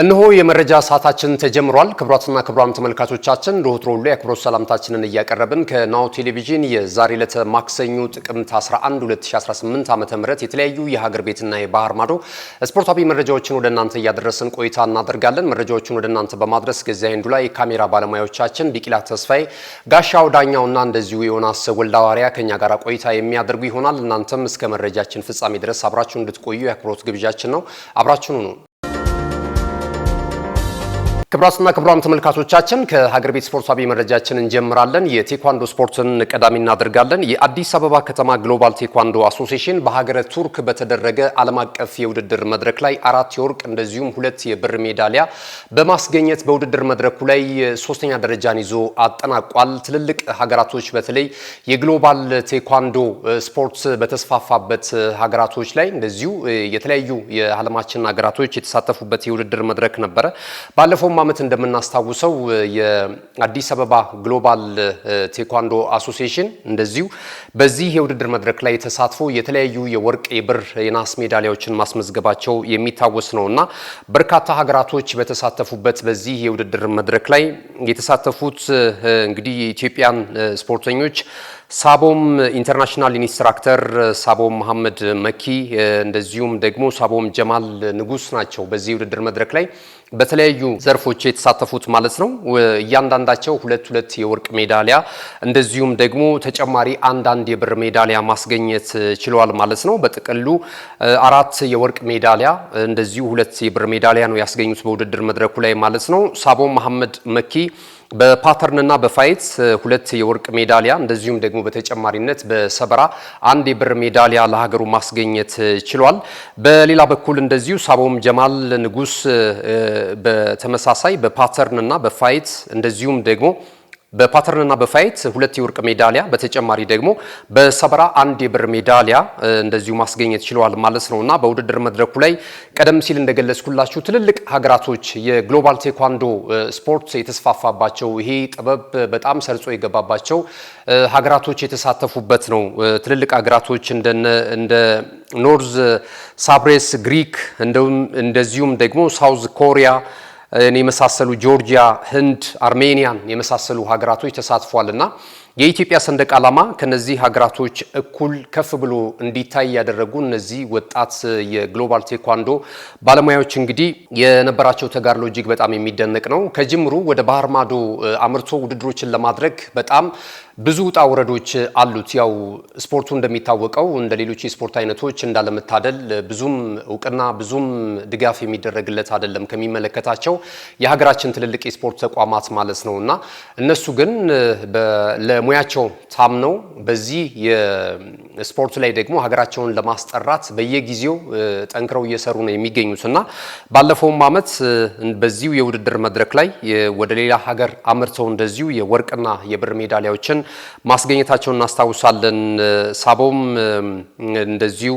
እነሆ የመረጃ ሰዓታችን ተጀምሯል። ክቡራትና ክቡራን ተመልካቾቻችን ለወትሮ ሁሉ የአክብሮት ሰላምታችንን እያቀረብን ከናሁ ቴሌቪዥን የዛሬ ዕለተ ማክሰኞ ጥቅምት 11 2018 ዓ ም የተለያዩ የሀገር ቤትና የባህር ማዶ ስፖርታዊ መረጃዎችን ወደ እናንተ እያደረስን ቆይታ እናደርጋለን። መረጃዎችን ወደ እናንተ በማድረስ ገዛ ንዱ ላይ የካሜራ ባለሙያዎቻችን ቢቂላ ተስፋዬ፣ ጋሻው ዳኛውና እንደዚሁ የዮናስ ወልዳዋሪያ ከኛ ጋር ቆይታ የሚያደርጉ ይሆናል። እናንተም እስከ መረጃችን ፍጻሜ ድረስ አብራችሁን እንድትቆዩ የአክብሮት ግብዣችን ነው። አብራችሁን ነው ክብራትና ክብራም ተመልካቾቻችን ከሀገር ቤት ስፖርታዊ መረጃችን እንጀምራለን። የቴኳንዶ ስፖርትን ቀዳሚ እናደርጋለን። የአዲስ አበባ ከተማ ግሎባል ቴኳንዶ አሶሴሽን በሀገረ ቱርክ በተደረገ ዓለም አቀፍ የውድድር መድረክ ላይ አራት የወርቅ እንደዚሁም ሁለት የብር ሜዳሊያ በማስገኘት በውድድር መድረኩ ላይ ሶስተኛ ደረጃን ይዞ አጠናቋል። ትልልቅ ሀገራቶች በተለይ የግሎባል ቴኳንዶ ስፖርት በተስፋፋበት ሀገራቶች ላይ እንደዚሁ የተለያዩ የዓለማችን ሀገራቶች የተሳተፉበት የውድድር መድረክ ነበረ ባለፈው ዓመት እንደምናስታውሰው የአዲስ አበባ ግሎባል ቴኳንዶ አሶሲሽን እንደዚሁ በዚህ የውድድር መድረክ ላይ ተሳትፎ የተለያዩ የወርቅ፣ የብር፣ የናስ ሜዳሊያዎችን ማስመዝገባቸው የሚታወስ ነው እና በርካታ ሀገራቶች በተሳተፉበት በዚህ የውድድር መድረክ ላይ የተሳተፉት እንግዲህ የኢትዮጵያን ስፖርተኞች ሳቦም ኢንተርናሽናል ኢንስትራክተር ሳቦም መሐመድ መኪ እንደዚሁም ደግሞ ሳቦም ጀማል ንጉስ ናቸው። በዚህ ውድድር መድረክ ላይ በተለያዩ ዘርፎች የተሳተፉት ማለት ነው። እያንዳንዳቸው ሁለት ሁለት የወርቅ ሜዳሊያ እንደዚሁም ደግሞ ተጨማሪ አንዳንድ የብር ሜዳሊያ ማስገኘት ችለዋል ማለት ነው። በጥቅሉ አራት የወርቅ ሜዳሊያ እንደዚሁ ሁለት የብር ሜዳሊያ ነው ያስገኙት በውድድር መድረኩ ላይ ማለት ነው። ሳቦም መሐመድ መኪ በፓተርንና በፋይት ሁለት የወርቅ ሜዳሊያ እንደዚሁም ደግሞ በተጨማሪነት በሰበራ አንድ የብር ሜዳሊያ ለሀገሩ ማስገኘት ችሏል። በሌላ በኩል እንደዚሁ ሳቦም ጀማል ንጉስ በተመሳሳይ በፓተርንና በፋይት እንደዚሁም ደግሞ በፓተርንና በፋይት ሁለት የወርቅ ሜዳሊያ በተጨማሪ ደግሞ በሰበራ አንድ የብር ሜዳሊያ እንደዚሁ ማስገኘት ችለዋል ማለት ነው እና በውድድር መድረኩ ላይ ቀደም ሲል እንደገለጽኩላችሁ ትልልቅ ሀገራቶች የግሎባል ቴኳንዶ ስፖርት የተስፋፋባቸው ይሄ ጥበብ በጣም ሰርጾ የገባባቸው ሀገራቶች የተሳተፉበት ነው። ትልልቅ ሀገራቶች እንደ ኖርዝ ሳብሬስ ግሪክ እንደዚሁም ደግሞ ሳውዝ ኮሪያ የመሳሰሉ ጆርጂያ፣ ህንድ፣ አርሜኒያን የመሳሰሉ ሀገራቶች ተሳትፏልና የኢትዮጵያ ሰንደቅ ዓላማ ከነዚህ ሀገራቶች እኩል ከፍ ብሎ እንዲታይ ያደረጉ እነዚህ ወጣት የግሎባል ቴኳንዶ ባለሙያዎች እንግዲህ የነበራቸው ተጋድሎ እጅግ በጣም የሚደነቅ ነው። ከጅምሩ ወደ ባህር ማዶ አምርቶ ውድድሮችን ለማድረግ በጣም ብዙ ውጣ ውረዶች አሉት። ያው ስፖርቱ እንደሚታወቀው እንደ ሌሎች የስፖርት አይነቶች እንዳለመታደል ብዙም እውቅና ብዙም ድጋፍ የሚደረግለት አይደለም ከሚመለከታቸው የሀገራችን ትልልቅ የስፖርት ተቋማት ማለት ነው እና እነሱ ግን ለሙያቸው ታምነው በዚህ የስፖርቱ ላይ ደግሞ ሀገራቸውን ለማስጠራት በየጊዜው ጠንክረው እየሰሩ ነው የሚገኙት እና ባለፈውም ዓመት በዚሁ የውድድር መድረክ ላይ ወደ ሌላ ሀገር አምርተው እንደዚሁ የወርቅና የብር ሜዳሊያዎችን ማስገኘታቸውን እናስታውሳለን። ሳቦም እንደዚሁ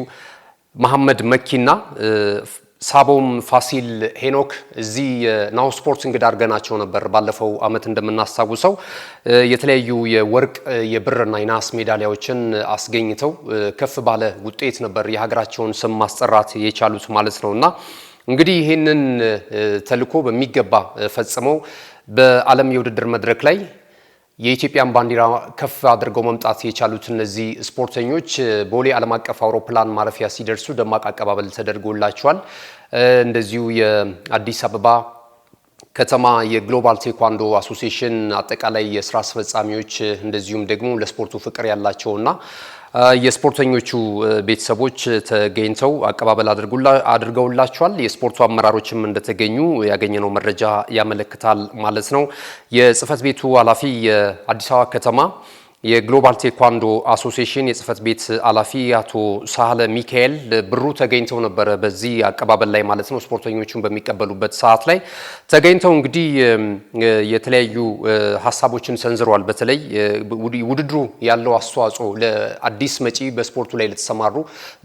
መሐመድ መኪና ሳቦም ፋሲል ሄኖክ እዚህ የናሁ ስፖርት እንግዳ አድርገናቸው ነበር። ባለፈው ዓመት እንደምናስታውሰው የተለያዩ የወርቅ የብርና የናስ ሜዳሊያዎችን አስገኝተው ከፍ ባለ ውጤት ነበር የሀገራቸውን ስም ማስጠራት የቻሉት ማለት ነው እና እንግዲህ ይህንን ተልዕኮ በሚገባ ፈጽመው በዓለም የውድድር መድረክ ላይ የኢትዮጵያን ባንዲራ ከፍ አድርገው መምጣት የቻሉት እነዚህ ስፖርተኞች ቦሌ ዓለም አቀፍ አውሮፕላን ማረፊያ ሲደርሱ ደማቅ አቀባበል ተደርጎላቸዋል። እንደዚሁ የአዲስ አበባ ከተማ የግሎባል ቴኳንዶ አሶሲሽን አጠቃላይ የስራ አስፈጻሚዎች እንደዚሁም ደግሞ ለስፖርቱ ፍቅር ያላቸውና የስፖርተኞቹ ቤተሰቦች ተገኝተው አቀባበል አድርገውላቸዋል። የስፖርቱ አመራሮችም እንደተገኙ ያገኘነው መረጃ ያመለክታል ማለት ነው። የጽህፈት ቤቱ ኃላፊ የአዲስ አበባ ከተማ የግሎባል ቴኳንዶ አሶሲሽን የጽህፈት ቤት ኃላፊ አቶ ሳህለ ሚካኤል ብሩ ተገኝተው ነበረ። በዚህ አቀባበል ላይ ማለት ነው ስፖርተኞቹን በሚቀበሉበት ሰዓት ላይ ተገኝተው እንግዲህ የተለያዩ ሀሳቦችን ሰንዝረዋል። በተለይ ውድድሩ ያለው አስተዋጽኦ ለአዲስ መጪ በስፖርቱ ላይ ለተሰማሩ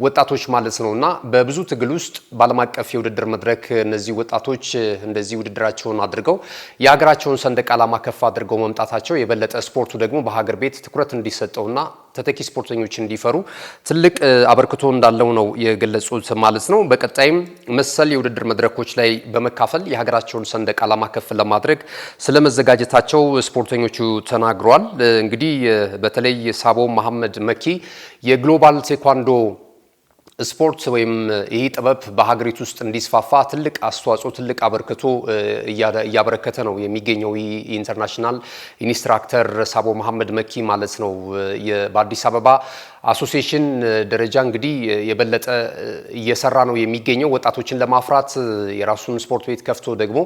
ወጣቶች ማለት ነው እና በብዙ ትግል ውስጥ በዓለም አቀፍ የውድድር መድረክ እነዚህ ወጣቶች እንደዚህ ውድድራቸውን አድርገው የሀገራቸውን ሰንደቅ ዓላማ ከፍ አድርገው መምጣታቸው የበለጠ ስፖርቱ ደግሞ በሀገር ቤት ትኩረት እንዲሰጠውና ተተኪ ስፖርተኞች እንዲፈሩ ትልቅ አበርክቶ እንዳለው ነው የገለጹት ማለት ነው። በቀጣይም መሰል የውድድር መድረኮች ላይ በመካፈል የሀገራቸውን ሰንደቅ ዓላማ ከፍ ለማድረግ ስለመዘጋጀታቸው ስፖርተኞቹ ተናግሯል። እንግዲህ በተለይ ሳቦ መሐመድ መኪ የግሎባል ቴኳንዶ ስፖርት ወይም ይህ ጥበብ በሀገሪቱ ውስጥ እንዲስፋፋ ትልቅ አስተዋጽኦ ትልቅ አበርክቶ እያበረከተ ነው የሚገኘው ኢንተርናሽናል ኢንስትራክተር ሳቦ መሐመድ መኪ ማለት ነው። በአዲስ አበባ አሶሲሽን ደረጃ እንግዲህ የበለጠ እየሰራ ነው የሚገኘው። ወጣቶችን ለማፍራት የራሱን ስፖርት ቤት ከፍቶ ደግሞ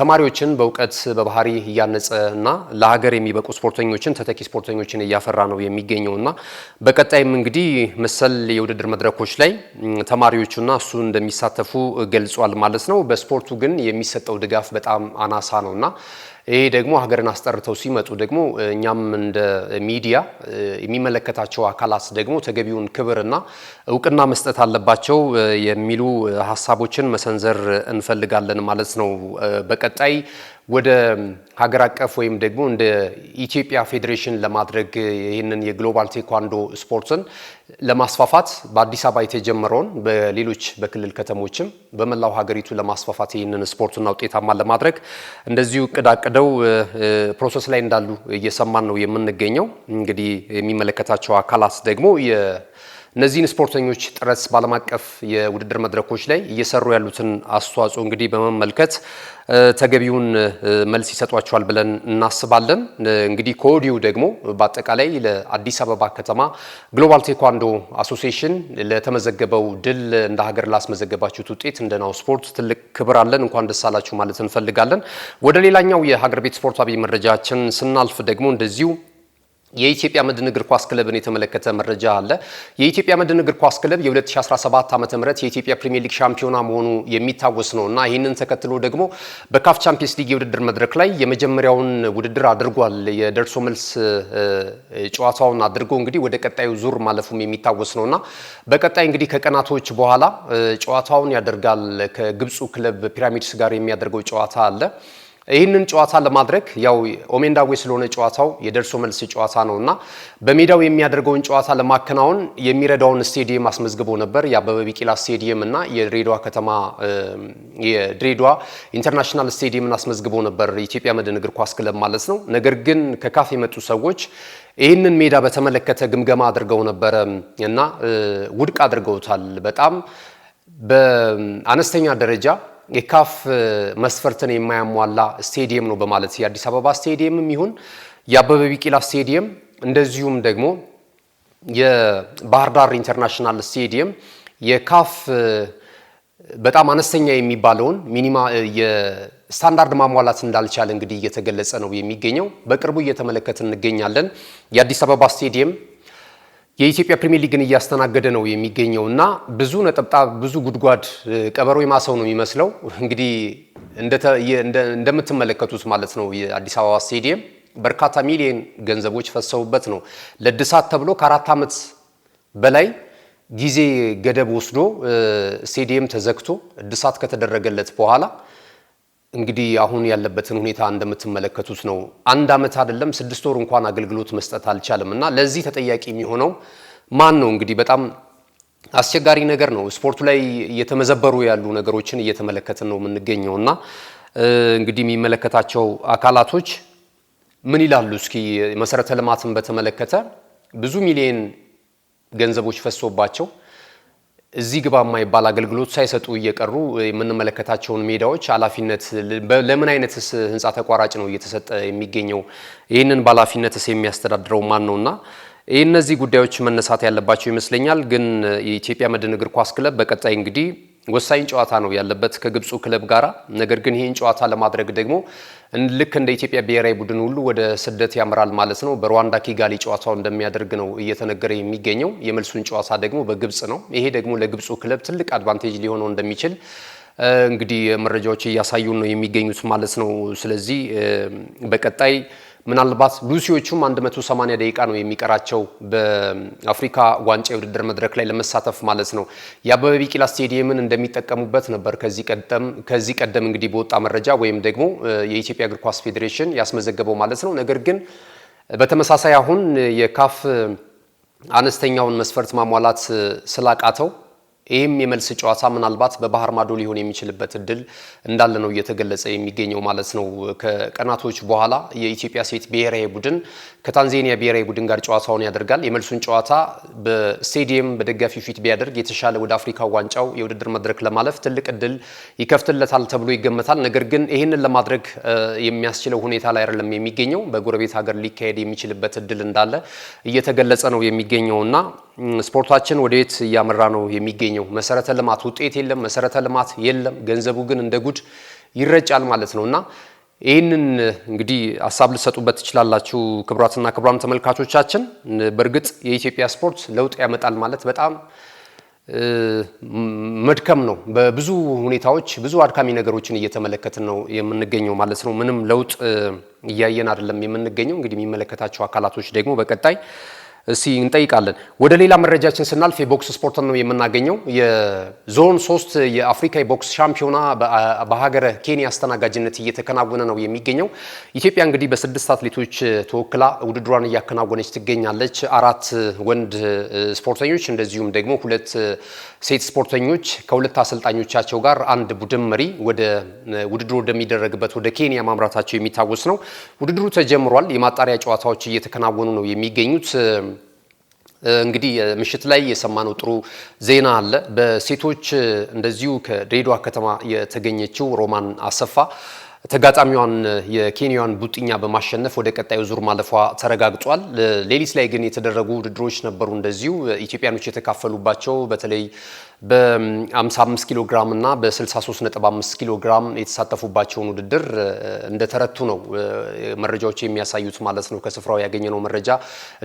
ተማሪዎችን በእውቀት በባህሪ እያነጸ እና ለሀገር የሚበቁ ስፖርተኞችን ተተኪ ስፖርተኞችን እያፈራ ነው የሚገኘው እና በቀጣይም እንግዲህ መሰል የውድድር መድረኮች ላይ ተማሪዎቹና እሱ እንደሚሳተፉ ገልጿል ማለት ነው። በስፖርቱ ግን የሚሰጠው ድጋፍ በጣም አናሳ ነው እና ይሄ ደግሞ ሀገርን አስጠርተው ሲመጡ ደግሞ እኛም እንደ ሚዲያ የሚመለከታቸው አካላት ደግሞ ተገቢውን ክብርና እውቅና መስጠት አለባቸው የሚሉ ሀሳቦችን መሰንዘር እንፈልጋለን ማለት ነው። በቀጣይ ወደ ሀገር አቀፍ ወይም ደግሞ እንደ ኢትዮጵያ ፌዴሬሽን ለማድረግ ይህንን የግሎባል ቴኳንዶ ስፖርትን ለማስፋፋት በአዲስ አበባ የተጀመረውን በሌሎች በክልል ከተሞችም በመላው ሀገሪቱ ለማስፋፋት ይህንን ስፖርቱና ውጤታማ ለማድረግ እንደዚሁ እቅድ አቅደው ፕሮሰስ ላይ እንዳሉ እየሰማን ነው የምንገኘው። እንግዲህ የሚመለከታቸው አካላት ደግሞ እነዚህን ስፖርተኞች ጥረት በዓለም አቀፍ የውድድር መድረኮች ላይ እየሰሩ ያሉትን አስተዋጽኦ እንግዲህ በመመልከት ተገቢውን መልስ ይሰጧቸዋል ብለን እናስባለን። እንግዲህ ከወዲሁ ደግሞ በአጠቃላይ ለአዲስ አበባ ከተማ ግሎባል ቴኳንዶ አሶሲሽን ለተመዘገበው ድል እንደ ሀገር ላስመዘገባችሁት ውጤት እንደ ናሁ ስፖርት ትልቅ ክብር አለን። እንኳን ደስ አላችሁ ማለት እንፈልጋለን። ወደ ሌላኛው የሀገር ቤት ስፖርታዊ መረጃችን ስናልፍ ደግሞ እንደዚሁ የኢትዮጵያ መድን እግር ኳስ ክለብን የተመለከተ መረጃ አለ። የኢትዮጵያ መድን እግር ኳስ ክለብ የ2017 ዓ.ም የኢትዮጵያ ፕሪሚየር ሊግ ሻምፒዮና መሆኑ የሚታወስ ነው እና ይህንን ተከትሎ ደግሞ በካፍ ቻምፒየንስ ሊግ የውድድር መድረክ ላይ የመጀመሪያውን ውድድር አድርጓል። የደርሶ መልስ ጨዋታውን አድርጎ እንግዲህ ወደ ቀጣዩ ዙር ማለፉም የሚታወስ ነው እና በቀጣይ እንግዲህ ከቀናቶች በኋላ ጨዋታውን ያደርጋል ከግብፁ ክለብ ፒራሚድስ ጋር የሚያደርገው ጨዋታ አለ። ይህንን ጨዋታ ለማድረግ ያው ኦሜንዳዌ ስለሆነ ጨዋታው የደርሶ መልስ ጨዋታ ነው እና በሜዳው የሚያደርገውን ጨዋታ ለማከናወን የሚረዳውን ስቴዲየም አስመዝግቦ ነበር። የአበበ ቢቂላ ስቴዲየም እና የድሬዳዋ ከተማ የድሬዳዋ ኢንተርናሽናል ስቴዲየምን አስመዝግቦ ነበር የኢትዮጵያ መድን እግር ኳስ ክለብ ማለት ነው። ነገር ግን ከካፍ የመጡ ሰዎች ይህንን ሜዳ በተመለከተ ግምገማ አድርገው ነበረ እና ውድቅ አድርገውታል። በጣም በአነስተኛ ደረጃ የካፍ መስፈርትን የማያሟላ ስቴዲየም ነው በማለት የአዲስ አበባ ስቴዲየምም ይሁን የአበበ ቢቂላ ስቴዲየም እንደዚሁም ደግሞ የባህር ዳር ኢንተርናሽናል ስቴዲየም የካፍ በጣም አነስተኛ የሚባለውን ሚኒማ የስታንዳርድ ማሟላት እንዳልቻለ እንግዲህ እየተገለጸ ነው የሚገኘው። በቅርቡ እየተመለከት እንገኛለን። የአዲስ አበባ ስቴዲየም የኢትዮጵያ ፕሪሚየር ሊግን እያስተናገደ ነው የሚገኘው እና ብዙ ነጠብጣብ ብዙ ጉድጓድ ቀበሮ የማሰው ነው የሚመስለው። እንግዲህ እንደምትመለከቱት ማለት ነው የአዲስ አበባ ስቴዲየም በርካታ ሚሊዮን ገንዘቦች ፈሰውበት ነው ለእድሳት ተብሎ ከአራት ዓመት በላይ ጊዜ ገደብ ወስዶ ስቴዲየም ተዘግቶ እድሳት ከተደረገለት በኋላ እንግዲህ አሁን ያለበትን ሁኔታ እንደምትመለከቱት ነው። አንድ ዓመት አይደለም ስድስት ወር እንኳን አገልግሎት መስጠት አልቻለም እና ለዚህ ተጠያቂ የሚሆነው ማን ነው? እንግዲህ በጣም አስቸጋሪ ነገር ነው። ስፖርቱ ላይ እየተመዘበሩ ያሉ ነገሮችን እየተመለከትን ነው የምንገኘው እና እንግዲህ የሚመለከታቸው አካላቶች ምን ይላሉ? እስኪ መሰረተ ልማትን በተመለከተ ብዙ ሚሊዮን ገንዘቦች ፈሶባቸው እዚህ ግባ የማይባል አገልግሎት ሳይሰጡ እየቀሩ የምንመለከታቸውን ሜዳዎች ኃላፊነት ለምን አይነትስ ህንፃ ተቋራጭ ነው እየተሰጠ የሚገኘው? ይህንን በኃላፊነትስ የሚያስተዳድረው ማን ነውና ይህ እነዚህ ጉዳዮች መነሳት ያለባቸው ይመስለኛል። ግን የኢትዮጵያ መድን እግር ኳስ ክለብ በቀጣይ እንግዲህ ወሳኝ ጨዋታ ነው ያለበት ከግብፁ ክለብ ጋራ። ነገር ግን ይህን ጨዋታ ለማድረግ ደግሞ ልክ እንደ ኢትዮጵያ ብሔራዊ ቡድን ሁሉ ወደ ስደት ያምራል ማለት ነው። በሩዋንዳ ኪጋሊ ጨዋታው እንደሚያደርግ ነው እየተነገረ የሚገኘው። የመልሱን ጨዋታ ደግሞ በግብፅ ነው። ይሄ ደግሞ ለግብፁ ክለብ ትልቅ አድቫንቴጅ ሊሆነው እንደሚችል እንግዲህ መረጃዎች እያሳዩ ነው የሚገኙት ማለት ነው። ስለዚህ በቀጣይ ምናልባት ሉሲዎቹም 180 ደቂቃ ነው የሚቀራቸው በአፍሪካ ዋንጫ የውድድር መድረክ ላይ ለመሳተፍ ማለት ነው። የአበበ ቢቂላ ስቴዲየምን እንደሚጠቀሙበት ነበር ከዚህ ቀደም ከዚህ ቀደም እንግዲህ በወጣ መረጃ ወይም ደግሞ የኢትዮጵያ እግር ኳስ ፌዴሬሽን ያስመዘገበው ማለት ነው። ነገር ግን በተመሳሳይ አሁን የካፍ አነስተኛውን መስፈርት ማሟላት ስላቃተው ይህም የመልስ ጨዋታ ምናልባት በባህር ማዶ ሊሆን የሚችልበት እድል እንዳለ ነው እየተገለጸ የሚገኘው ማለት ነው። ከቀናቶች በኋላ የኢትዮጵያ ሴት ብሔራዊ ቡድን ከታንዛኒያ ብሔራዊ ቡድን ጋር ጨዋታውን ያደርጋል። የመልሱን ጨዋታ በስቴዲየም በደጋፊ ፊት ቢያደርግ የተሻለ ወደ አፍሪካ ዋንጫው የውድድር መድረክ ለማለፍ ትልቅ እድል ይከፍትለታል ተብሎ ይገመታል። ነገር ግን ይህንን ለማድረግ የሚያስችለው ሁኔታ ላይ አይደለም የሚገኘው። በጎረቤት ሀገር ሊካሄድ የሚችልበት እድል እንዳለ እየተገለጸ ነው የሚገኘውና ስፖርታችን ወዴት እያመራ ነው የሚገኘው? መሰረተ ልማት ውጤት የለም፣ መሰረተ ልማት የለም። ገንዘቡ ግን እንደ ጉድ ይረጫል ማለት ነው እና ይህንን እንግዲህ ሀሳብ ልሰጡበት ትችላላችሁ ክቡራትና ክቡራን ተመልካቾቻችን። በእርግጥ የኢትዮጵያ ስፖርት ለውጥ ያመጣል ማለት በጣም መድከም ነው። በብዙ ሁኔታዎች ብዙ አድካሚ ነገሮችን እየተመለከትን ነው የምንገኘው ማለት ነው። ምንም ለውጥ እያየን አይደለም የምንገኘው። እንግዲህ የሚመለከታቸው አካላቶች ደግሞ በቀጣይ እስቲ እንጠይቃለን። ወደ ሌላ መረጃችን ስናልፍ የቦክስ ስፖርትን ነው የምናገኘው። የዞን ሶስት የአፍሪካ የቦክስ ሻምፒዮና በሀገረ ኬንያ አስተናጋጅነት እየተከናወነ ነው የሚገኘው። ኢትዮጵያ እንግዲህ በስድስት አትሌቶች ተወክላ ውድድሯን እያከናወነች ትገኛለች። አራት ወንድ ስፖርተኞች እንደዚሁም ደግሞ ሁለት ሴት ስፖርተኞች ከሁለት አሰልጣኞቻቸው ጋር አንድ ቡድን መሪ ወደ ውድድሩ ወደሚደረግበት ወደ ኬንያ ማምራታቸው የሚታወስ ነው። ውድድሩ ተጀምሯል። የማጣሪያ ጨዋታዎች እየተከናወኑ ነው የሚገኙት። እንግዲህ ምሽት ላይ የሰማነው ጥሩ ዜና አለ። በሴቶች እንደዚሁ ከድሬዳዋ ከተማ የተገኘችው ሮማን አሰፋ ተጋጣሚዋን የኬንያዋን ቡጥኛ በማሸነፍ ወደ ቀጣዩ ዙር ማለፏ ተረጋግጧል። ሌሊት ላይ ግን የተደረጉ ውድድሮች ነበሩ እንደዚሁ ኢትዮጵያኖች የተካፈሉባቸው በተለይ በ55 ኪሎ ግራም እና በ63.5 ኪሎ ግራም የተሳተፉባቸውን ውድድር እንደተረቱ ነው መረጃዎች የሚያሳዩት ማለት ነው። ከስፍራው ያገኘነው መረጃ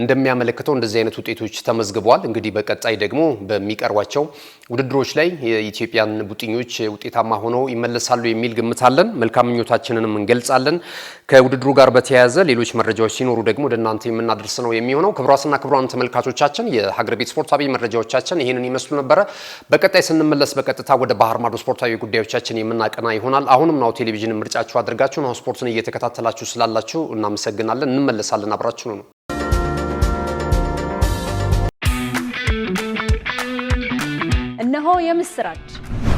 እንደሚያመለክተው እንደዚህ አይነት ውጤቶች ተመዝግበዋል። እንግዲህ በቀጣይ ደግሞ በሚቀርቧቸው ውድድሮች ላይ የኢትዮጵያን ቡጥኞች ውጤታማ ሆነው ይመለሳሉ የሚል ግምት አለን። መልካም ምኞታችንንም እንገልጻለን። ከውድድሩ ጋር በተያያዘ ሌሎች መረጃዎች ሲኖሩ ደግሞ ወደ እናንተ የምናደርስ ነው የሚሆነው። ክቡራትና ክቡራን ተመልካቾቻችን የሀገር ቤት ስፖርታዊ መረጃዎቻችን ይህንን ይመስሉ ነበረ። በቀጣይ ስንመለስ በቀጥታ ወደ ባህር ማዶ ስፖርታዊ ጉዳዮቻችን የምናቀና ይሆናል። አሁንም ናሁ ቴሌቪዥን ምርጫችሁ አድርጋችሁ ናሁ ስፖርትን እየተከታተላችሁ ስላላችሁ እናመሰግናለን። እንመለሳለን። አብራችሁ ነው እነሆ የምስራች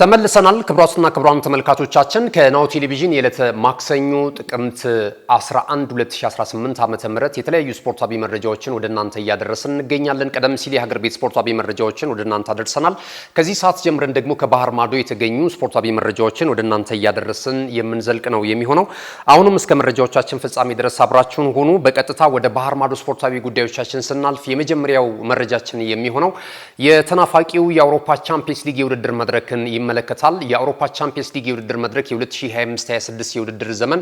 ተመልሰናል ክቡራትና ክቡራን ተመልካቾቻችን ከናሁ ቴሌቪዥን የዕለተ ማክሰኞ ጥቅምት 11 2018 ዓ ም የተለያዩ ስፖርታዊ መረጃዎችን ወደ እናንተ እያደረስን እንገኛለን። ቀደም ሲል የሀገር ቤት ስፖርታዊ መረጃዎችን ወደ እናንተ አደርሰናል። ከዚህ ሰዓት ጀምረን ደግሞ ከባህር ማዶ የተገኙ ስፖርታዊ መረጃዎችን ወደ እናንተ እያደረስን የምንዘልቅ ነው የሚሆነው። አሁንም እስከ መረጃዎቻችን ፍጻሜ ድረስ አብራችሁን ሆኑ። በቀጥታ ወደ ባህር ማዶ ስፖርታዊ ጉዳዮቻችን ስናልፍ የመጀመሪያው መረጃችን የሚሆነው የተናፋቂው የአውሮፓ ቻምፒየንስ ሊግ የውድድር መድረክን ይመለከታል። የአውሮፓ ቻምፒየንስ ሊግ የውድድር መድረክ የ2025/26 የውድድር ዘመን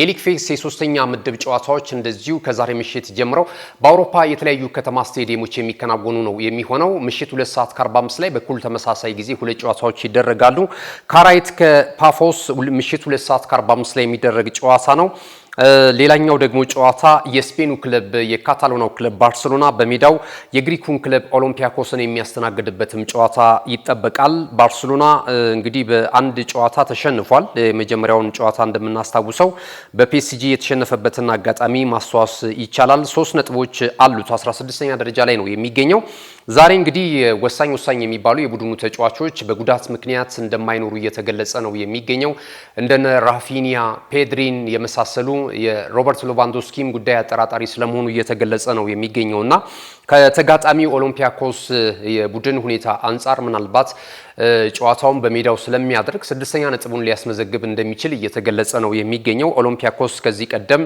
የሊግ ፌስ የሶስተኛ ምድብ ጨዋታዎች እንደዚሁ ከዛሬ ምሽት ጀምረው በአውሮፓ የተለያዩ ከተማ ስቴዲየሞች የሚከናወኑ ነው የሚሆነው። ምሽት 2 ሰዓት 45 ላይ በኩል ተመሳሳይ ጊዜ ሁለት ጨዋታዎች ይደረጋሉ። ካራይት ከፓፎስ ምሽት 2 ሰዓት 45 ላይ የሚደረግ ጨዋታ ነው። ሌላኛው ደግሞ ጨዋታ የስፔኑ ክለብ የካታሎናው ክለብ ባርሰሎና በሜዳው የግሪኩን ክለብ ኦሎምፒያኮስን የሚያስተናግድበትም ጨዋታ ይጠበቃል። ባርሰሎና እንግዲህ በአንድ ጨዋታ ተሸንፏል። የመጀመሪያውን ጨዋታ እንደምናስታውሰው በፒኤስጂ የተሸነፈበትን አጋጣሚ ማስታወስ ይቻላል። ሶስት ነጥቦች አሉት። 16ኛ ደረጃ ላይ ነው የሚገኘው። ዛሬ እንግዲህ ወሳኝ ወሳኝ የሚባሉ የቡድኑ ተጫዋቾች በጉዳት ምክንያት እንደማይኖሩ እየተገለጸ ነው የሚገኘው። እንደነ ራፊኒያ፣ ፔድሪን የመሳሰሉ የሮበርት ሎቫንዶስኪም ጉዳይ አጠራጣሪ ስለመሆኑ እየተገለጸ ነው የሚገኘው እና ከተጋጣሚ ኦሎምፒያኮስ የቡድን ሁኔታ አንጻር ምናልባት ጨዋታውን በሜዳው ስለሚያደርግ ስድስተኛ ነጥቡን ሊያስመዘግብ እንደሚችል እየተገለጸ ነው የሚገኘው። ኦሎምፒያኮስ ከዚህ ቀደም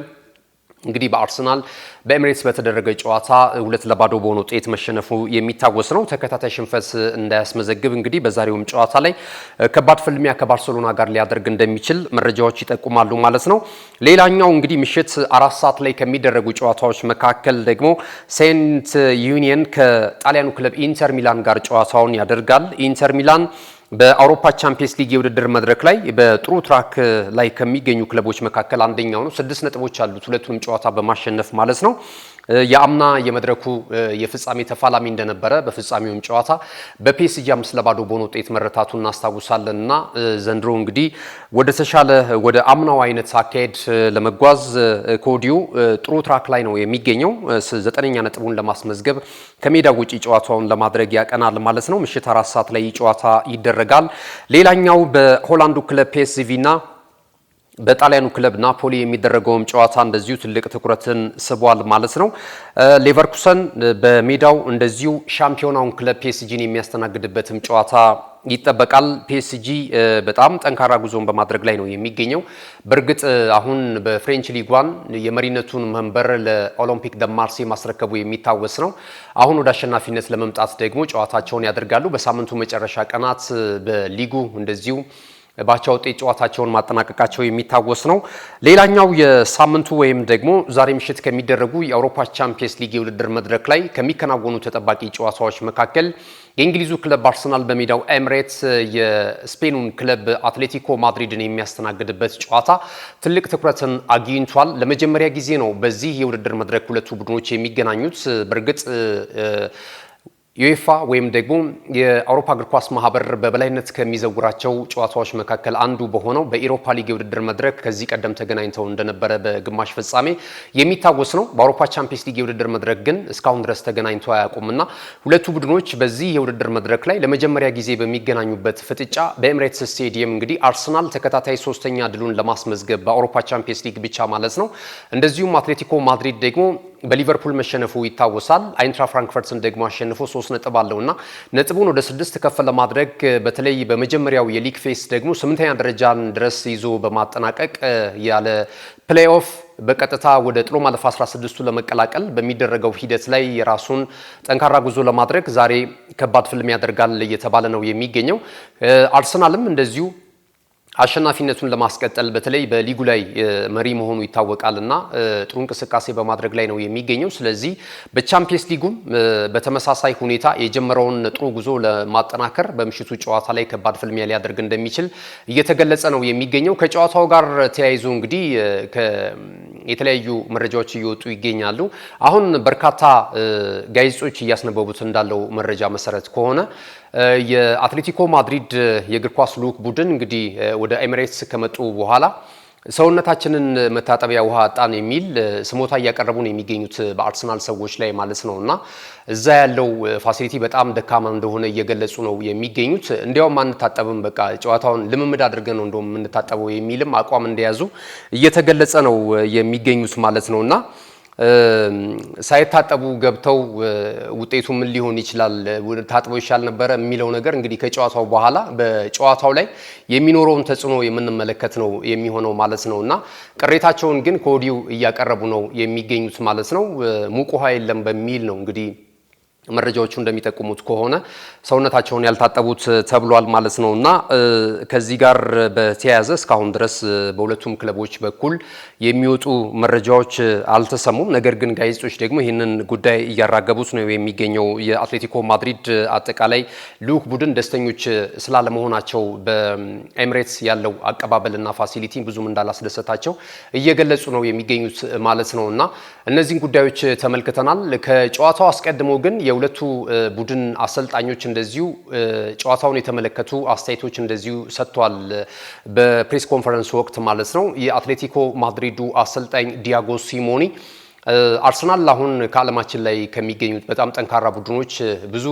እንግዲህ በአርሰናል በኤምሬትስ በተደረገ ጨዋታ ሁለት ለባዶ በሆነ ውጤት መሸነፉ የሚታወስ ነው። ተከታታይ ሽንፈት እንዳያስመዘግብ እንግዲህ በዛሬውም ጨዋታ ላይ ከባድ ፍልሚያ ከባርሰሎና ጋር ሊያደርግ እንደሚችል መረጃዎች ይጠቁማሉ ማለት ነው። ሌላኛው እንግዲህ ምሽት አራት ሰዓት ላይ ከሚደረጉ ጨዋታዎች መካከል ደግሞ ሴንት ዩኒየን ከጣሊያኑ ክለብ ኢንተር ሚላን ጋር ጨዋታውን ያደርጋል። ኢንተር ሚላን በአውሮፓ ቻምፒየንስ ሊግ የውድድር መድረክ ላይ በጥሩ ትራክ ላይ ከሚገኙ ክለቦች መካከል አንደኛው ነው። ስድስት ነጥቦች አሉት፣ ሁለቱንም ጨዋታ በማሸነፍ ማለት ነው። የአምና የመድረኩ የፍጻሜ ተፋላሚ እንደነበረ በፍጻሜውም ጨዋታ በፔስጂ አምስት ለባዶ በሆነ ውጤት መረታቱ እናስታውሳለን እና ዘንድሮ እንግዲህ ወደ ተሻለ ወደ አምናው አይነት አካሄድ ለመጓዝ ከወዲሁ ጥሩ ትራክ ላይ ነው የሚገኘው። ዘጠነኛ ነጥቡን ለማስመዝገብ ከሜዳ ውጪ ጨዋታውን ለማድረግ ያቀናል ማለት ነው። ምሽት አራት ሰዓት ላይ ጨዋታ ይደረጋል። ሌላኛው በሆላንዱ ክለብ ፒኤስቪ እና በጣሊያኑ ክለብ ናፖሊ የሚደረገውም ጨዋታ እንደዚሁ ትልቅ ትኩረትን ስቧል ማለት ነው። ሌቨርኩሰን በሜዳው እንደዚሁ ሻምፒዮናውን ክለብ ፒኤስጂን የሚያስተናግድበትም ጨዋታ ይጠበቃል። ፒኤስጂ በጣም ጠንካራ ጉዞን በማድረግ ላይ ነው የሚገኘው። በእርግጥ አሁን በፍሬንች ሊጓን የመሪነቱን መንበር ለኦሎምፒክ ደማርሴ ማስረከቡ የሚታወስ ነው። አሁን ወደ አሸናፊነት ለመምጣት ደግሞ ጨዋታቸውን ያደርጋሉ። በሳምንቱ መጨረሻ ቀናት በሊጉ እንደዚሁ በአቻ ውጤት ጨዋታቸውን ማጠናቀቃቸው የሚታወስ ነው። ሌላኛው የሳምንቱ ወይም ደግሞ ዛሬ ምሽት ከሚደረጉ የአውሮፓ ቻምፒየንስ ሊግ የውድድር መድረክ ላይ ከሚከናወኑ ተጠባቂ ጨዋታዎች መካከል የእንግሊዙ ክለብ አርሰናል በሜዳው ኤምሬትስ የስፔኑን ክለብ አትሌቲኮ ማድሪድን የሚያስተናግድበት ጨዋታ ትልቅ ትኩረትን አግኝቷል። ለመጀመሪያ ጊዜ ነው በዚህ የውድድር መድረክ ሁለቱ ቡድኖች የሚገናኙት። በእርግጥ ዩኤፋ ወይም ደግሞ የአውሮፓ እግር ኳስ ማህበር በበላይነት ከሚዘውራቸው ጨዋታዎች መካከል አንዱ በሆነው በኢሮፓ ሊግ የውድድር መድረክ ከዚህ ቀደም ተገናኝተው እንደነበረ በግማሽ ፍጻሜ የሚታወስ ነው። በአውሮፓ ቻምፒየንስ ሊግ የውድድር መድረክ ግን እስካሁን ድረስ ተገናኝቶ አያውቁምና ሁለቱ ቡድኖች በዚህ የውድድር መድረክ ላይ ለመጀመሪያ ጊዜ በሚገናኙበት ፍጥጫ በኤምሬትስ ስቴዲየም እንግዲህ አርሰናል ተከታታይ ሶስተኛ ድሉን ለማስመዝገብ በአውሮፓ ቻምፒየንስ ሊግ ብቻ ማለት ነው። እንደዚሁም አትሌቲኮ ማድሪድ ደግሞ በሊቨርፑል መሸነፉ ይታወሳል። አይንትራ ፍራንክፈርትን ደግሞ አሸንፎ ሶስት ነጥብ አለው እና ነጥቡን ወደ ስድስት ከፍ ለማድረግ በተለይ በመጀመሪያው የሊግ ፌስ ደግሞ ስምንተኛ ደረጃን ድረስ ይዞ በማጠናቀቅ ያለ ፕሌይኦፍ በቀጥታ ወደ ጥሎ ማለፍ 16ቱ ለመቀላቀል በሚደረገው ሂደት ላይ የራሱን ጠንካራ ጉዞ ለማድረግ ዛሬ ከባድ ፍልም ያደርጋል እየተባለ ነው የሚገኘው። አርሰናልም እንደዚሁ አሸናፊነቱን ለማስቀጠል በተለይ በሊጉ ላይ መሪ መሆኑ ይታወቃል እና ጥሩ እንቅስቃሴ በማድረግ ላይ ነው የሚገኘው። ስለዚህ በቻምፒየንስ ሊጉም በተመሳሳይ ሁኔታ የጀመረውን ጥሩ ጉዞ ለማጠናከር በምሽቱ ጨዋታ ላይ ከባድ ፍልሚያ ሊያደርግ እንደሚችል እየተገለጸ ነው የሚገኘው። ከጨዋታው ጋር ተያይዞ እንግዲህ የተለያዩ መረጃዎች እየወጡ ይገኛሉ። አሁን በርካታ ጋዜጦች እያስነበቡት እንዳለው መረጃ መሰረት ከሆነ የአትሌቲኮ ማድሪድ የእግር ኳስ ልዑክ ቡድን እንግዲህ ወደ ኤሚሬትስ ከመጡ በኋላ ሰውነታችንን መታጠቢያ ውሃ አጣን የሚል ስሞታ እያቀረቡ ነው የሚገኙት በአርሰናል ሰዎች ላይ ማለት ነው። እና እዛ ያለው ፋሲሊቲ በጣም ደካማ እንደሆነ እየገለጹ ነው የሚገኙት። እንዲያውም አንታጠብም፣ በቃ ጨዋታውን ልምምድ አድርገን ነው እንደውም የምንታጠበው የሚልም አቋም እንደያዙ እየተገለጸ ነው የሚገኙት ማለት ነው እና ሳይታጠቡ ገብተው ውጤቱ ምን ሊሆን ይችላል፣ ታጥበው ይሻል ነበረ የሚለው ነገር እንግዲህ ከጨዋታው በኋላ በጨዋታው ላይ የሚኖረውን ተጽዕኖ የምንመለከት ነው የሚሆነው ማለት ነው እና ቅሬታቸውን ግን ከወዲሁ እያቀረቡ ነው የሚገኙት ማለት ነው። ሙቅ ውሃ የለም በሚል ነው እንግዲህ መረጃዎቹ እንደሚጠቁሙት ከሆነ ሰውነታቸውን ያልታጠቡት ተብሏል ማለት ነው። እና ከዚህ ጋር በተያያዘ እስካሁን ድረስ በሁለቱም ክለቦች በኩል የሚወጡ መረጃዎች አልተሰሙም። ነገር ግን ጋዜጦች ደግሞ ይህንን ጉዳይ እያራገቡት ነው የሚገኘው። የአትሌቲኮ ማድሪድ አጠቃላይ ልዑክ ቡድን ደስተኞች ስላለመሆናቸው በኤምሬትስ ያለው አቀባበልና ፋሲሊቲ ብዙም እንዳላስደሰታቸው እየገለጹ ነው የሚገኙት ማለት ነው። እና እነዚህን ጉዳዮች ተመልክተናል። ከጨዋታው አስቀድሞ ግን የሁለቱ ቡድን አሰልጣኞች እንደዚሁ ጨዋታውን የተመለከቱ አስተያየቶች እንደዚሁ ሰጥቷል። በፕሬስ ኮንፈረንስ ወቅት ማለት ነው። የአትሌቲኮ ማድሪዱ አሰልጣኝ ዲያጎ ሲሞኒ አርሰናል አሁን ከዓለማችን ላይ ከሚገኙት በጣም ጠንካራ ቡድኖች ብዙ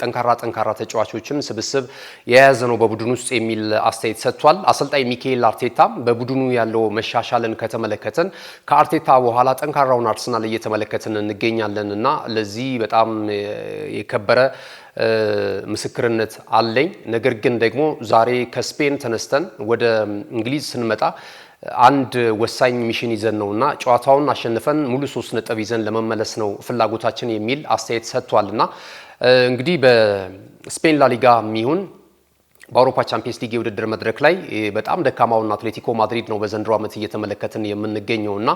ጠንካራ ጠንካራ ተጫዋቾችን ስብስብ የያዘ ነው በቡድኑ ውስጥ የሚል አስተያየት ሰጥቷል። አሰልጣኝ ሚካኤል አርቴታ በቡድኑ ያለው መሻሻልን ከተመለከተን ከአርቴታ በኋላ ጠንካራውን አርሰናል እየተመለከትን እንገኛለን እና ለዚህ በጣም የከበረ ምስክርነት አለኝ። ነገር ግን ደግሞ ዛሬ ከስፔን ተነስተን ወደ እንግሊዝ ስንመጣ አንድ ወሳኝ ሚሽን ይዘን ነውና ጨዋታውን አሸንፈን ሙሉ ሶስት ነጥብ ይዘን ለመመለስ ነው ፍላጎታችን የሚል አስተያየት ሰጥቷልና እንግዲህ በስፔን ላሊጋ የሚሆን በአውሮፓ ቻምፒየንስ ሊግ የውድድር መድረክ ላይ በጣም ደካማውን አትሌቲኮ ማድሪድ ነው በዘንድሮ ዓመት እየተመለከትን የምንገኘው እና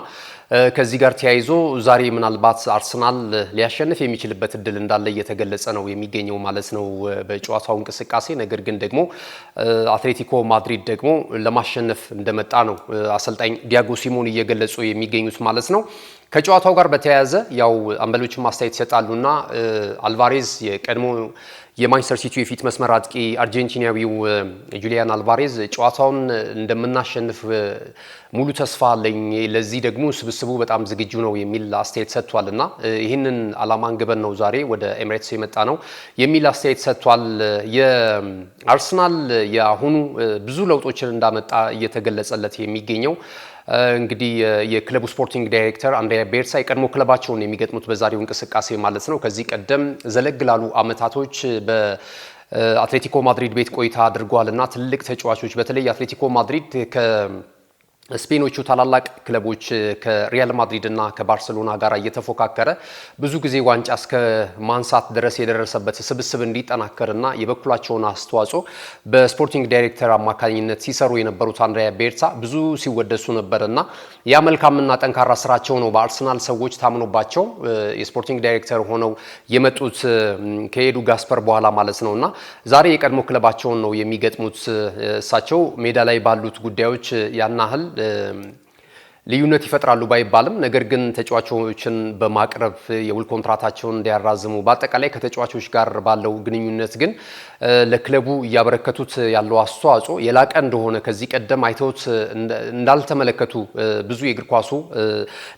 ከዚህ ጋር ተያይዞ ዛሬ ምናልባት አርሰናል ሊያሸንፍ የሚችልበት እድል እንዳለ እየተገለጸ ነው የሚገኘው ማለት ነው በጨዋታው እንቅስቃሴ። ነገር ግን ደግሞ አትሌቲኮ ማድሪድ ደግሞ ለማሸነፍ እንደመጣ ነው አሰልጣኝ ዲያጎ ሲሞን እየገለጹ የሚገኙት ማለት ነው። ከጨዋታው ጋር በተያያዘ ያው አንበሎችም ማስተያየት ይሰጣሉና አልቫሬዝ የቀድሞ የማንቸስተር ሲቲ የፊት መስመር አጥቂ አርጀንቲናዊው ጁሊያን አልቫሬዝ ጨዋታውን እንደምናሸንፍ ሙሉ ተስፋ አለኝ፣ ለዚህ ደግሞ ስብስቡ በጣም ዝግጁ ነው የሚል አስተያየት ሰጥቷል እና ይህንን አላማ አንግበን ነው ዛሬ ወደ ኤምሬትስ የመጣ ነው የሚል አስተያየት ሰጥቷል። የአርሰናል የአሁኑ ብዙ ለውጦችን እንዳመጣ እየተገለጸለት የሚገኘው እንግዲህ የክለቡ ስፖርቲንግ ዳይሬክተር አንድሪያ ቤርሳ የቀድሞ ክለባቸውን የሚገጥሙት በዛሬው እንቅስቃሴ ማለት ነው ከዚህ ቀደም ዘለግ ላሉ አመታቶች በ አትሌቲኮ ማድሪድ ቤት ቆይታ አድርጓል እና ትልቅ ተጫዋቾች በተለይ አትሌቲኮ ማድሪድ ስፔኖቹ ታላላቅ ክለቦች ከሪያል ማድሪድ እና ከባርሰሎና ጋር እየተፎካከረ ብዙ ጊዜ ዋንጫ እስከ ማንሳት ድረስ የደረሰበት ስብስብ እንዲጠናከርና የበኩላቸውን አስተዋጽኦ በስፖርቲንግ ዳይሬክተር አማካኝነት ሲሰሩ የነበሩት አንድሪያ ቤርታ ብዙ ሲወደሱ ነበርና ያ መልካምና ጠንካራ ስራቸው ነው በአርሰናል ሰዎች ታምኖባቸው የስፖርቲንግ ዳይሬክተር ሆነው የመጡት ከሄዱ ጋስፐር በኋላ ማለት ነው እና ዛሬ የቀድሞ ክለባቸውን ነው የሚገጥሙት። እሳቸው ሜዳ ላይ ባሉት ጉዳዮች ያን ልዩነት ይፈጥራሉ ባይባልም ነገር ግን ተጫዋቾችን በማቅረብ የውል ኮንትራታቸውን እንዲያራዝሙ በአጠቃላይ ከተጫዋቾች ጋር ባለው ግንኙነት ግን ለክለቡ እያበረከቱት ያለው አስተዋጽኦ የላቀ እንደሆነ ከዚህ ቀደም አይተውት እንዳልተመለከቱ ብዙ የእግር ኳሱ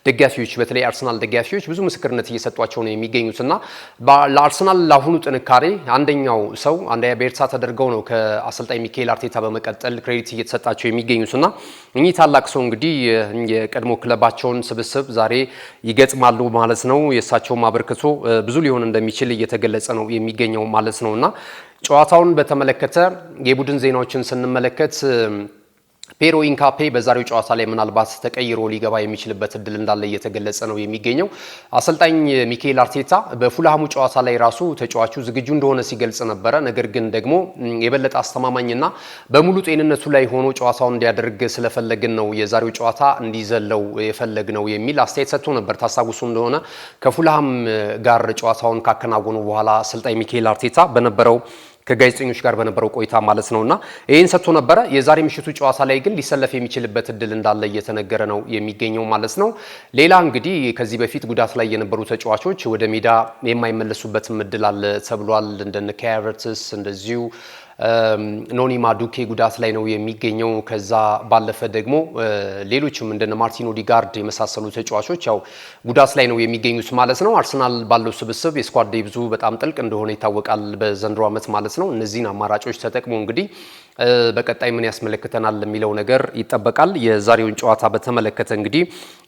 ደጋፊዎች በተለይ አርሰናል ደጋፊዎች ብዙ ምስክርነት እየሰጧቸው ነው የሚገኙት እና ለአርሰናል ለአሁኑ ጥንካሬ አንደኛው ሰው አንዳያ በርሳ ተደርገው ነው ከአሰልጣኝ ሚካኤል አርቴታ በመቀጠል ክሬዲት እየተሰጣቸው የሚገኙት እና እኚህ ታላቅ ሰው እንግዲህ የቀድሞ ክለባቸውን ስብስብ ዛሬ ይገጥማሉ ማለት ነው። የእሳቸውም አበርክቶ ብዙ ሊሆን እንደሚችል እየተገለጸ ነው የሚገኘው ማለት ነው እና ጨዋታውን በተመለከተ የቡድን ዜናዎችን ስንመለከት ፔሮ ኢንካፔ በዛሬው ጨዋታ ላይ ምናልባት ተቀይሮ ሊገባ የሚችልበት እድል እንዳለ እየተገለጸ ነው የሚገኘው። አሰልጣኝ ሚካኤል አርቴታ በፉልሃሙ ጨዋታ ላይ ራሱ ተጫዋቹ ዝግጁ እንደሆነ ሲገልጽ ነበረ። ነገር ግን ደግሞ የበለጠ አስተማማኝና በሙሉ ጤንነቱ ላይ ሆኖ ጨዋታውን እንዲያደርግ ስለፈለግን ነው የዛሬው ጨዋታ እንዲዘለው የፈለግ ነው የሚል አስተያየት ሰጥቶ ነበር። ታስታውሱ እንደሆነ ከፉልሃም ጋር ጨዋታውን ካከናወኑ በኋላ አሰልጣኝ ሚካኤል አርቴታ በነበረው ከጋዜጠኞች ጋር በነበረው ቆይታ ማለት ነውና ይህን ሰጥቶ ነበረ። የዛሬ ምሽቱ ጨዋታ ላይ ግን ሊሰለፍ የሚችልበት እድል እንዳለ እየተነገረ ነው የሚገኘው ማለት ነው። ሌላ እንግዲህ ከዚህ በፊት ጉዳት ላይ የነበሩ ተጫዋቾች ወደ ሜዳ የማይመለሱበትም እድል አለ ተብሏል። እንደነ ካቨርትስ እንደዚሁ ኖኒ ማዱኬ ጉዳት ላይ ነው የሚገኘው። ከዛ ባለፈ ደግሞ ሌሎችም እንደነ ማርቲን ኦዲጋርድ የመሳሰሉ ተጫዋቾች ያው ጉዳት ላይ ነው የሚገኙት ማለት ነው። አርሰናል ባለው ስብስብ የስኳድ ብዙ በጣም ጥልቅ እንደሆነ ይታወቃል፣ በዘንድሮ ዓመት ማለት ነው። እነዚህን አማራጮች ተጠቅሞ እንግዲህ በቀጣይ ምን ያስመለክተናል የሚለው ነገር ይጠበቃል። የዛሬውን ጨዋታ በተመለከተ እንግዲህ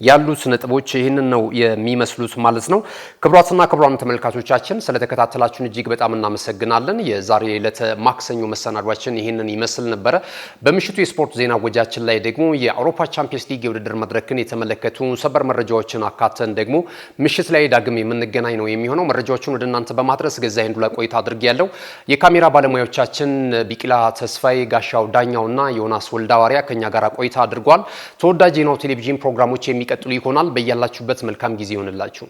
ያሉት ነጥቦች ይህንን ነው የሚመስሉት ማለት ነው። ክቡራትና ክቡራን ተመልካቾቻችን ስለተከታተላችሁን እጅግ በጣም እናመሰግናለን። የዛሬ ዕለተ ማክሰኞ የሰኞ መሰናዷችን ይህንን ይመስል ነበረ። በምሽቱ የስፖርት ዜና ወጃችን ላይ ደግሞ የአውሮፓ ቻምፒየንስ ሊግ የውድድር መድረክን የተመለከቱ ሰበር መረጃዎችን አካተን ደግሞ ምሽት ላይ ዳግም የምንገናኝ ነው የሚሆነው። መረጃዎችን ወደ እናንተ በማድረስ ገዛ ሄንዱ ላይ ቆይታ አድርግ ያለው የካሜራ ባለሙያዎቻችን ቢቂላ ተስፋዬ፣ ጋሻው ዳኛውና ዮናስ ወልዳዋሪያ ከኛ ጋር ቆይታ አድርጓል። ተወዳጅ የናሁ ቴሌቪዥን ፕሮግራሞች የሚቀጥሉ ይሆናል። በያላችሁበት መልካም ጊዜ ይሆንላችሁ።